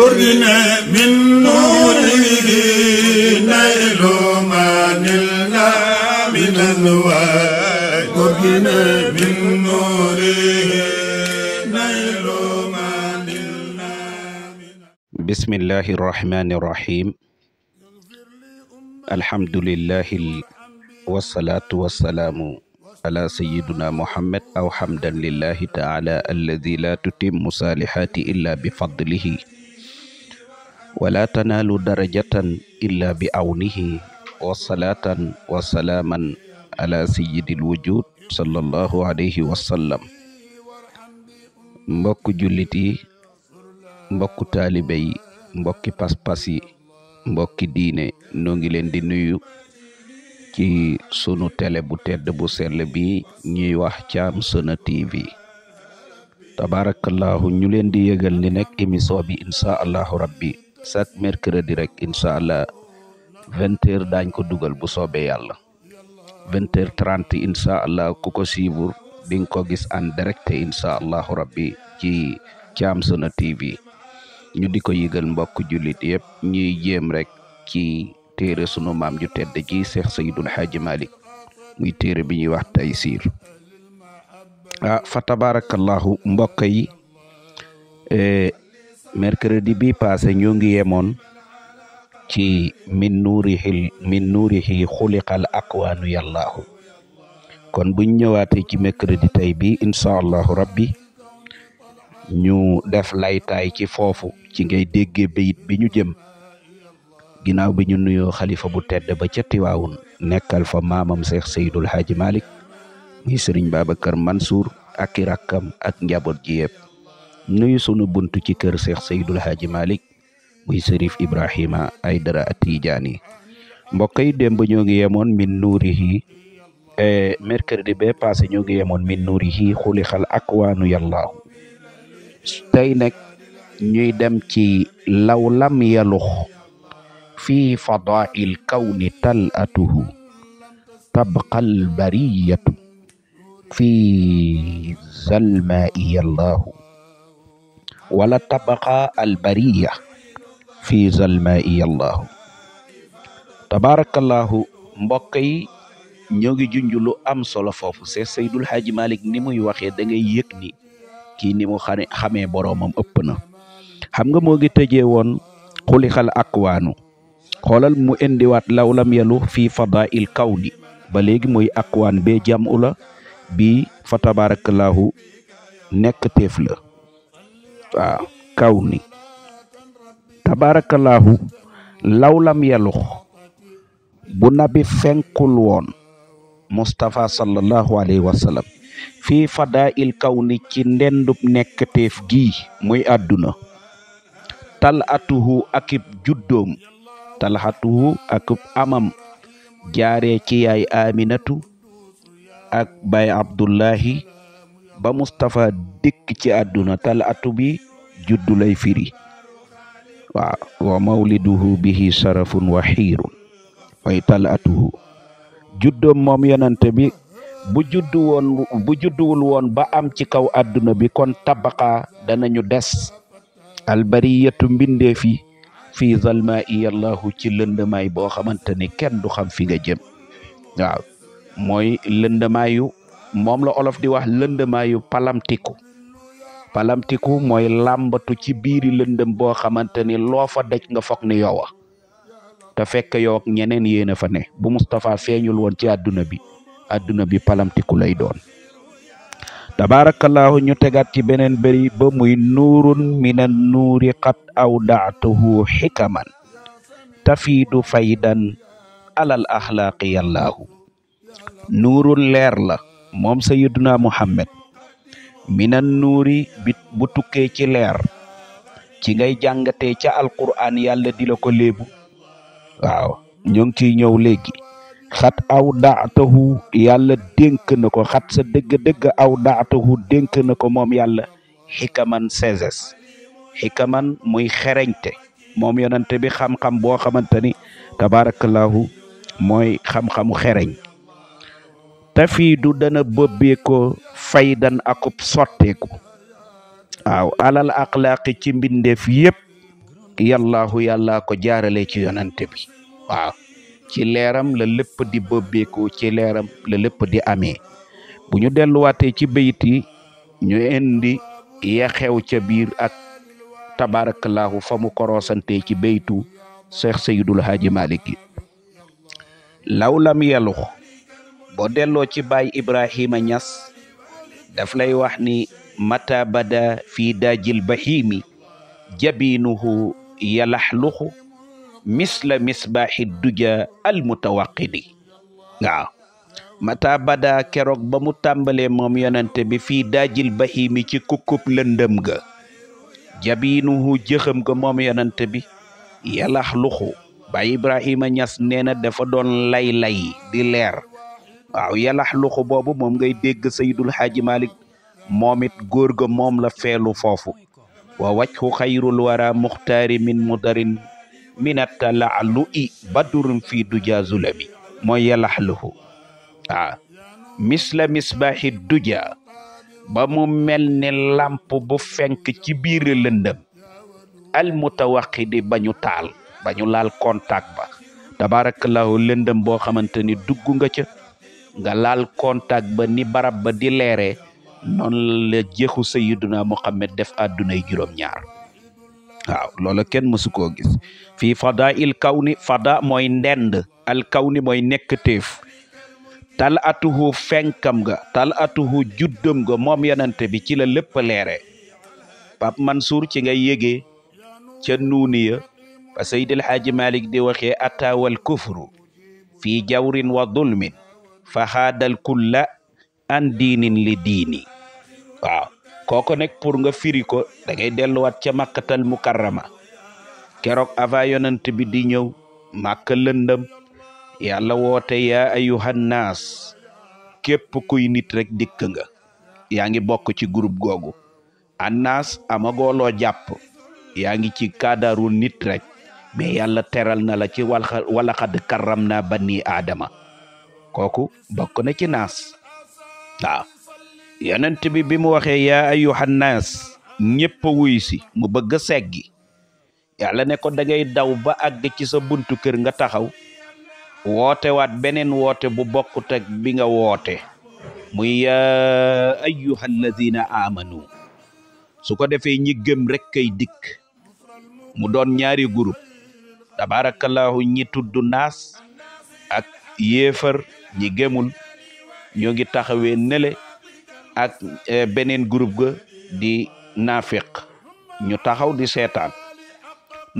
قرنا من نوره نيل ما نلنا من الوعي قرنا من نوره بسم الله الرحمن الرحيم الحمد لله والصلاة والسلام على سيدنا محمد أو حمدا لله تعالى الذي لا تتم صالحات إلا بفضله wala tanaalu darajatan illa bi awnihi wa salaatan wa salaaman ala sayyidil wujud sallallahu alayhi wa sallam mbokku jullit yi taalibe yi mbokki pas-pas yi mbokki diine noo ngi leen di nuyu ci sunu télé bu tedd bu sell bi ñuy wax caam Sono TV tabarakallahu ñu leen di yëgal ni nekk émission bi incha allahu rabbi chaque mercredi rek incha allah vingt heures daañ ko dugal bu soobee yàlla vingt heures trente incha allah ku ko suivre di ko gis en direct incha allahu rabbi ci Thiam Sono TV ñu di ko yëgal mbokk jullit yëpp ñuy jéem rek ci téere sunu maam ju tedd ji Cheikh Seydul Hadji Malick muy téere bi ñuy wax Taysiir ah fa tabarakallahu mbokk yi eh, mercredi bi passé ñoo ngi yemoon ci min nuurihil min nuurihi xuliqal aqwaanu yàllaahu kon buñ ñëwaatee ci mercredi tey bi incha allahu rabbi ñu def laytaay ci foofu ci ngay déggee bayit bi ñu jëm ginnaaw bi ñu nuyoo xalifa bu tedd ba ca Tiwaawun nekkal fa maamam Cheikh Seydul Haaji Malick muy Sëriñ Babacar Mansour ak i rakkam ak njaboot ji yëpp nuyu sunu bunt ci kër Seex Seydul Haaji Malick muy Serif Ibrahima Aydara Tijaani mbokk yi démb ñoo ngi yemoon min nuurihi e, mercredi bee passé ñoo ngi yemoon min nuurihi xulixal akwaanu yallaahu tey nag ñuy dem ci law lam yalux fii fadail kawni tal tabqal bariyatu fii zalmaa'i wala tabaqa albariya fii zalmai allahu tabarakallahu mbokk yi ñoo ngi junj am solo foofu c'est Seydul Haaji Malik ni muy waxee dangay ngay yëg ni kii ni mu xane xamee boroomam ëpp na xam nga moo gi tëjee woon xulixal waanu xoolal mu indiwaat lawlam yalu fii fadail kawni ba léegi muy akwaan bee jàmm u bii fa tabarakallahu nekk téef la uh, lawlam yalux bu nabi fenkul woon Moustapha sallallahu alayhi wa sallam fii fadail kawni ci ndendub nekkteef gii muy àdduna tal atuhu akib juddoom tal atuhu akib amam jaaree ci yaay aminatu ak bay abdullahi ba Moustapha dikk ci àdduna tal atu bi juddu lay firi waaw wa mawliduhu bihi sarafun wa xiirun way tal atuhu juddoom moom yonante bi bu juddu woon ba am ci kaw àdduna bi kon tabaqa danañu des albariyatu mbindeef fi fii zalma iyallahu ci lëndëmaay boo xamante ni kenn du xam fi nga jëm waaw mooy lëndamaayu moom la olof di wax lëndëmaayu palamtiku palamtiku mooy làmbatu ci biiri lëndëm boo xamante ni loo fa daj nga foog ni yow a te fekk ñeneen yéen a fa ne bu Moustapha feeñul woon ci àdduna bi àdduna bi palamtiku lay doon tabaarakallaahu ñu tegaat ci beneen bëri ba muy nuurun minan nuuri qad aw daatuhu xikaman tafiidu faydan alal axlaaqi yallaahu nuurun leer la moom sayiduna muhammad minan nuuri bi bu tukkee ci leer ci ngay jàngatee ca alquraan yàlla dila ko léebu waaw ñoo ngi ciy ñëw léegi xat aw daatahu yàlla dénk ko xat sa dëgg-dëgg aw daatahu dénk na ko moom yàlla xikaman seses xikaman muy xereñte moom yonante bi xam-xam boo xamante ni tabarakallahu mooy xam-xamu xereñ tafiidu dana bëbbeekoo faydan akub sotteeku waaw alal axlaaqi ci mbindeef yépp yallaahu yàllaa ko jaarale ci yonante bi waaw ci leeram la lépp di bëbbeekoo ci leeram la lépp di ame bu ñu delluwaatee ci bayit yi ñu indi ya ca biir ak tabaarakallaahu fa mu koroosante ci baytu cheikh sayidul haaji malik yi law yelux boo delloo ci baay Ibrahima Ñas daf lay wax ni mata bada fii daajil bahimi jabiinuhu yalaxluxu misla misbaaxi duja al mutawaqidi waaw mata bada keroog ba mu tàmbalee moom yonente bi fii daajil bahimi ci kukkub lëndëm ga jabiinuhu jëxam ga moom yonente bi yalaxluxu baay Ibrahima Ñas nee na dafa doon lay-lay di leer waaw yalax luxu boobu moom ngay dégg saydul xaaji malik moom góor ga moom la feelu foofu wa wajhu xayrul wara muxtaari min mudarin minata laalu i badurun fii duja zulami mooy yalax luxu waaw misla misbaaxi duja ba mu mel ni làmp bu fenk ci biir lëndëm al mutawaqidi ba ñu taal ba laal contact ba tabarakallahu lëndëm boo xamante dugg nga ca nga laal contact ba ni barab ba di leere noonu la jeexu sayyiduna Muhammad def àdduna yi juróom-ñaar waaw loola kenn mësu gis fii fada il kawni fada mooy ndend al kawni mooy nekk téef tal atuhu fenkam nga tal atuhu juddam nga moom yanante bi ci la lépp leere man suur ci ngay yégee ca nuuniya fa Seydil Haaji Malik di waxee atawal kufru fii jawrin wa dulmin fa xaadal kulla an diinin li diini waaw kooku nekk pour nga firi ko da ngay delluwaat ca màkkatal mukarrama keroog avant yonent bi di ñëw màkka lëndëm yàlla woote yaa ayuhan naas képp kuy nit rek dikk nga yaa ngi bokk ci groupe googu annaas amagooloo jàpp yaa ngi ci kaadaru nit rek mais yàlla teral na la ci walaxad karram naa bani aadama kooku bokk na ci naas waaw yonent bi bi mu waxee yaa ayyuhan naas ñëpp a si mu bëgg a seggi yàlla ne ko da ngay daw ba àgg ci sa buntu kër nga taxaw wootewaat beneen woote bu bokkut teg bi nga woote muy yaa ayyuhal ladina amanu su ko defee ñi gëm rek kay dikk mu doon ñaari groupe tabaarakallaahu ñi tudd naas ak yéefar ñi gëmul ñoo ngi taxawee nele ak eh, beneen groupe ga di naafiq ñu taxaw di seetaan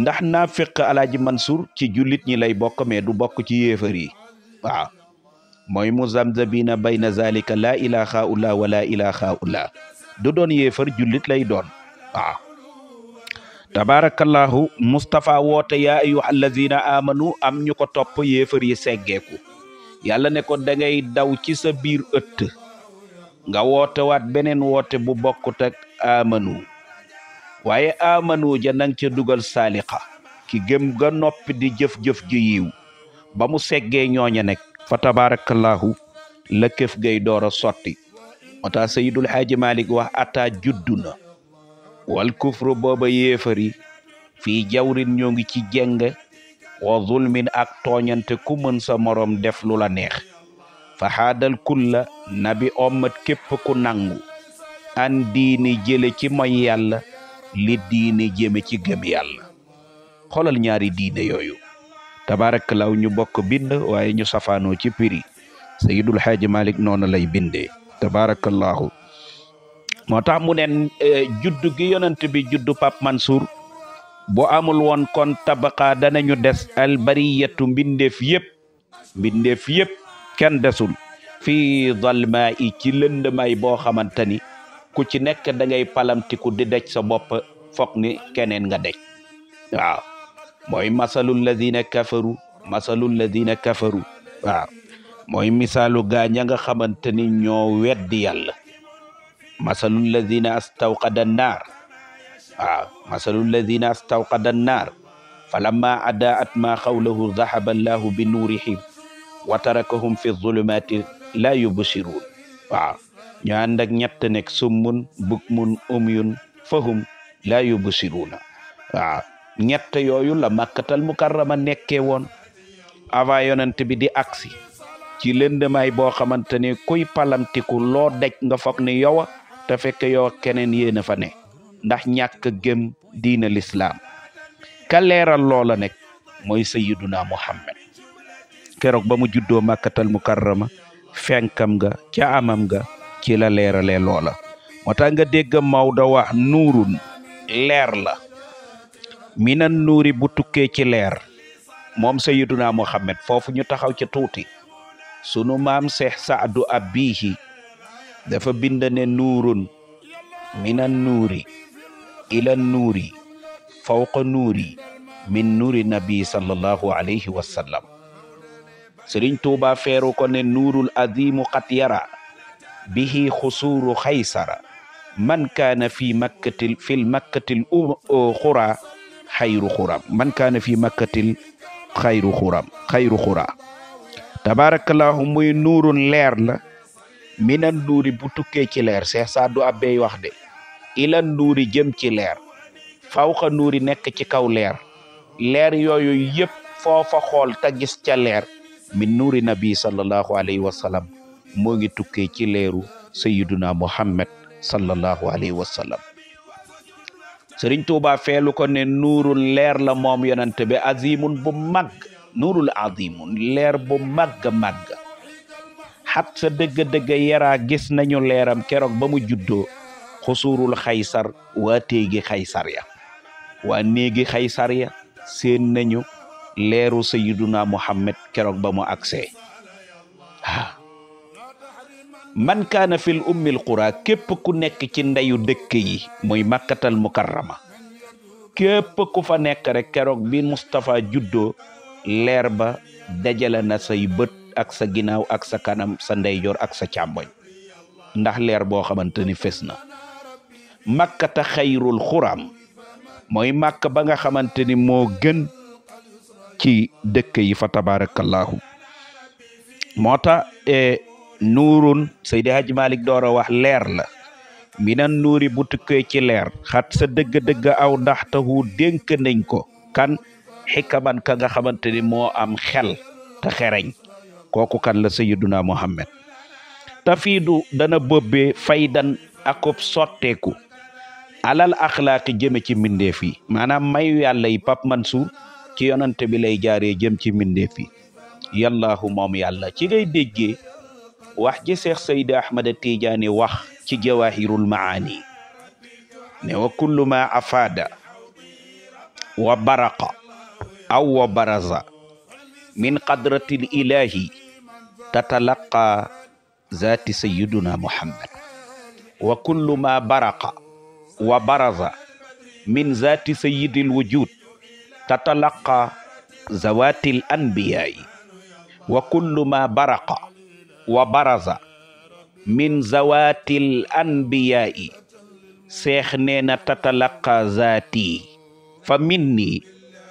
ndax naafiq alaaji Mansour ci jullit ñi lay bokk mais du bokk ci yéefar yi waaw mooy mu zamzabina bayna zalika laa ilaha ulla wala ilaha ulla du doon yéefar jullit lay doon waaw tabarakallahu woote yaa ayuha allazina amanu am ñu ko topp yéefar yi seggeeku yàlla ne ko dangay daw ci sa biir ëtt nga wootewaat beneen woote bu bokkut ak amanu waaye amanu ja nang ca dugal saalixa ki gëm ga noppi di jëf-jëf ji yiw ba mu seggee ñooña nekk fa tabaarakallaahu la këf gay doora a sotti moo tax sayidul xaaji malik wax ataa juddu na wal kufru booba yéefari fii jawrin ñoo ngi ci jeng wa zulmin ak tooñante ku mën sa moroom def lu la neex fa xaadal kulla nabi ommat képp ku nangu an diini jële ci moy yàlla li diini jëme ci gëm yàlla xoolal ñaari diine yooyu tabaarakalaaw ñu bokk bind waaye ñu safaanoo ci piri sayidul xaaji malik noonu lay bindee tabaarakalaahu moo tax mu neen eh, judd gi yonent bi juddu Pape Mansour bu amul woon kon tabaqaa danañu des albariyatu mbindeef yépp mbindeef yépp kenn desul fii dalmaa i ci lëndmaay boo xamante ni ku ci nekk dangay ngay palamtiku di dej sa bopp foog ni keneen nga dej waaw mooy masalul ladina kafaru masalul ladina kafaru waaw mooy misaalu gaa ña nga xamante ni ñoo weddi yàlla masalul ladina astawqada naar waaw masalu alladina astawqada annaar falamma adaat ma xawlahu dahaba allahu bi nuurihim wa tarakahum fi zulumati la yubsiruun waaw ñu ànd ak ñett summun bukmun umyun fahum la yubsiruuna waaw ah, ñett yooyu la màkkatal mukarrama nekkee woon avant yonent bi di aksi ci lëndamaay boo xamante ne kuy palamtiku loo daj nga foog ne yow a te fekk keneen yéen a fa ne ndax ñàkk gëm diina lislaam ka leeral loola nekk mooy sayiduna muhammad keroog ba mu juddoo màkkatal mukarrama fenkam ga ca amam nga ci la leeralee loola moo tax nga dégg Maodo wax nuurun leer la minan nuuri bu tukkee ci leer moom sayiduna muhammad foofu ñu taxaw ci tuuti sunu maam seex saadu abbihi dafa bind ne nuurun minan nuuri ila nuuri fawqa nuuri min nuuri nabi sallallahu alayhi wa sallam sëriñ tuuba feeru ko ne nuurul azimu qad yara bihi xusuuru xaysara man kaana fi makkatil fil makkatil xura xayru xuram man kaana fi makkatil xayru xuram xayru xura tabarakallahu muy nuurul leer la minan nuuri bu tukkee ci leer seex saa du abbeey wax ila nuuri jëm ci leer fawxa nuuri nekk ci kaw leer leer yooyu yépp foofa xool ta gis ca leer min nuuri nabi sallallahu alayhi wa sallam moo ngi tukkee ci leeru sayyiduna muhammad sallallahu alayhi wa sëriñ tuuba feelu ko ne nuurul leer la moom yonante bi azimun bu mag nuurul azimun leer bu mag mag xat sa dëgg-dëgg yaraa gis nañu leeram keroog ba mu juddoo xusurul xaysar waa téegi xaysar ya waa néegi xaysar ya seen nañu leeru sa sayiduna muhammad keroog ba mu agsee ah man kaana fil ummil qura képp ku nekk ci ndeyu dëkk yi moy màkkatal mukarrama képp fa nekk rek keroog bi Moustapha juddoo leer ba dajale na say bët ak sa ginnaaw ak sa kanam sa ndeyjoor ak sa càmboñ ndax leer boo xamante ni fes na màkkata xayrul xuraam mooy màkk ba nga xamante ni moo gën ci dëkk yi fa tabarakallahu moo tax eh, nuurun Seydi Hadji Malick door a wax leer la minan nuuri bu tukkee ci leer xat sa dëgg-dëgg aw ndax taxu dénk nañ ko kan xikaman ka nga xamante ni moo am xel te xereñ kooku kan la Sayyiduna Muhammad tafiidu dana bëbbee faydan akub sotteeku alal axlaaqi jëme ci mbindeef yi maanaam mayu yàlla yi ci yonante bi lay jaaree jëm ci mbindeef yi yallaahu moom yàlla ci ngay déggee wax ji Seex Saydi Ahmada Tijaani wax ci jawahirul maani ne wa kullu ma afaada wa baraqa aw wa baraza min qadratil ilahi tatalaqa zaati sayyiduna muhammad wa kullu ma baraqa wa baraza min zaati sayyidil wujud tatalaqa zawatil anbiya'i wa kullu ma baraqa wa baraza min zawatil anbiya'i seex nee na tatalaqa zaati fa minni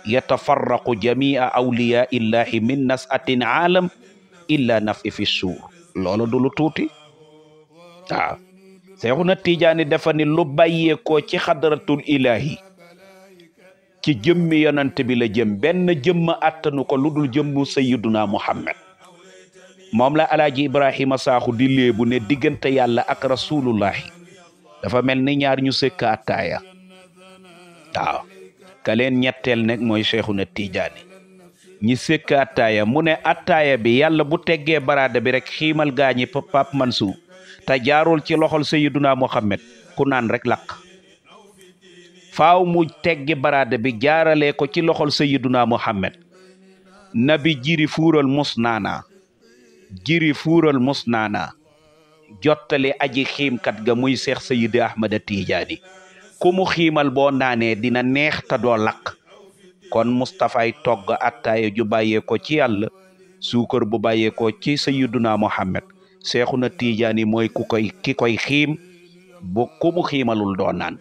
yatafarraqu jamia awliya illahi min nasatin aalam illa nafi fi suur loolu du lu tuuti waaw Seexuna Tijaani dafa ni lu bàyyeekoo ci xadaratul ilaahi ci jëmmi yonante bi la jëm benn jëmm àttanu ko lu dul jëmmu sayyiduna Muhammad moom la alaaji Ibrahima Saaxu di léebu ne diggante yàlla ak rasulullahi dafa mel ni ñaar ñu sëkk attaaya waaw ka leen ñetteel nag mooy Seexuna Tijaani ñi sëkk attaaya mu ne attaaya bi yàlla bu teggee baraada bi rek xiimal gaañi Pape mansu te jaarul ci loxol sayyiduna Muhammad ku naan rekk lakk faaw mu teggi baraade bi jaarale ko ci loxol sayyiduna Muhammad nabi jiri fuural mus naana jiri fuural mus naana jottali aji xiimkat ga muy seex sayidi ahmada tiijaani ku mu xiimal boo naanee dina neex te doo lakk kon mustaphaay togg attaaya ju bàyyee ci yàlla suukar bu bàyyeekoo ko ci sayiduna muhammad Seexuna Tiijaan yi mooy ku koy ki koy xiim bu ku mu xiimalul doo naan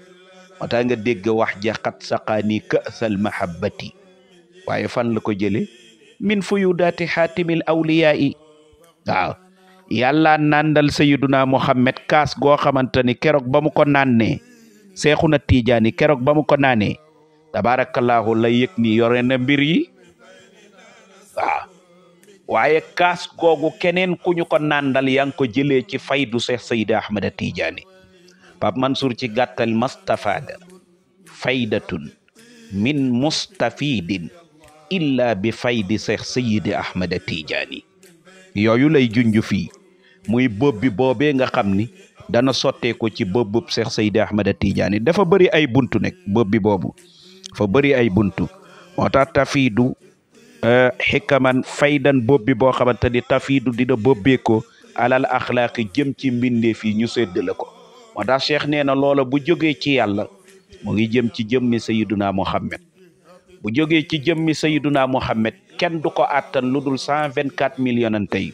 moo nga dégg wax ja xat saqaani kasal mahabbati waaye fan la ko jële min fuyudaati xaatimil awliyaa yi waaw yàlla nàndal sayiduna Muhammad kaas goo xamante ni keroog ba mu ko naanee Seexuna Tiijaan yi keroog ba mu ko naanee tabaarakallaahu la yëg ni yore na mbir yi waaw waaye kaas googu keneen ku ñu ko nàndal yaa ngi ko jëlee ci faydu Cheikh Seydi Ahmada Tidiane Pape Mansour ci gàttal mastafada faydatun min mustafidin illa bi faydi Cheikh Seydi Ahmada Tidiane yooyu lay junj fii muy bopp boobee nga xam ni dana sotteeku ci bopp bu Cheikh Seydi Ahmada Tidiane dafa bëri ay buntu nekk bopp boobu fa bëri ay buntu moo tax tafiidu Euh, xikaman faydan bobbi boo xamante ni tafiidu dina bobbeeko alal axlaaqi jëm ci mbindeef yi ñu séddale ko moo tax cheikh nee na loola bu jógee ci yàlla moo ngi jëm ci jëmmi sayiduna muhammad bu jógee ci jëmmi sayiduna muhammad kenn du ko àttan lu dul cent vingt quatre mille yonente yi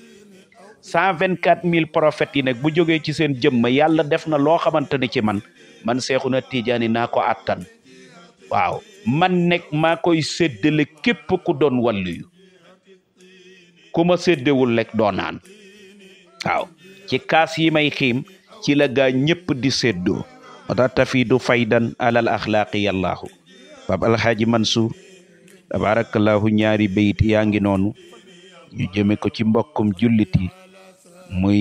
cent vingt mille prophètes yi nag bu jógee ci seen jëmma yàlla def na loo xamante ni ci man man seexu seexuna tijaani naa ko àttan waaw man nekk maa koy séddale képp ku doon wàlliyu ku ma séddewul rek doo naan waaw ci kaas yi may xiim ci la gaa ñëpp di séddoo wata tafiidu faydan alal axlaaqi yallaahu bab alxaaji Mansour tabaarakallaahu ñaari bayit yaa ngi noonu ñu jëme ko ci mbokkum jullit yi muy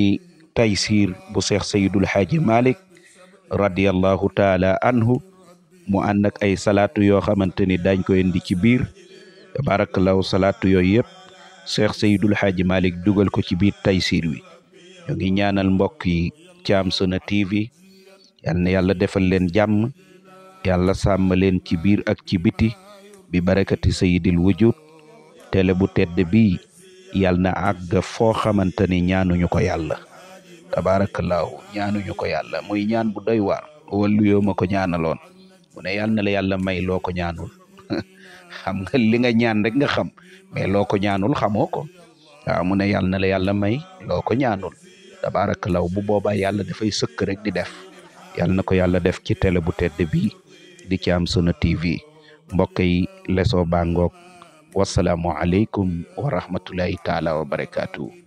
taysiir bu seex sayidul xaaji malik radiallahu taala anhu mu ànd ak ay salaatu yoo xamante ni daañ ko indi ci biir tabaarakallaahu salaatu yooyu yëpp Cheikh Seydul Xaaji Malick dugal ko ci biir taysiir wi ñoo ngi ñaanal mbokk yi Thiam Sono TV yal na yàlla defal leen jàmm yàlla sàmm leen ci biir ak ci biti bi barakati sayidil wujud tele bu tedd bi yàll na àgg foo xamante ni ñaanuñu ko yàlla tabaarakallaahu ñaanuñu ko yàlla muy ñaan bu doy waar wallu yoo ma ko ñaanaloon mu ne na la yàlla may loo ko ñaanul xam nga li nga ñaan rek nga xam mais loo ko ñaanul xamoo ko waaw mu ne yàlla na la yàlla may loo ko ñaanul tabaarakallaah bu boobaa yàlla dafay sëkk rek di def yàlla na ko yàlla def ci télé bu tedd bi di ci am Sunu TV mbokk yi leso baa ngoog wasalaamualeykum wa taala wa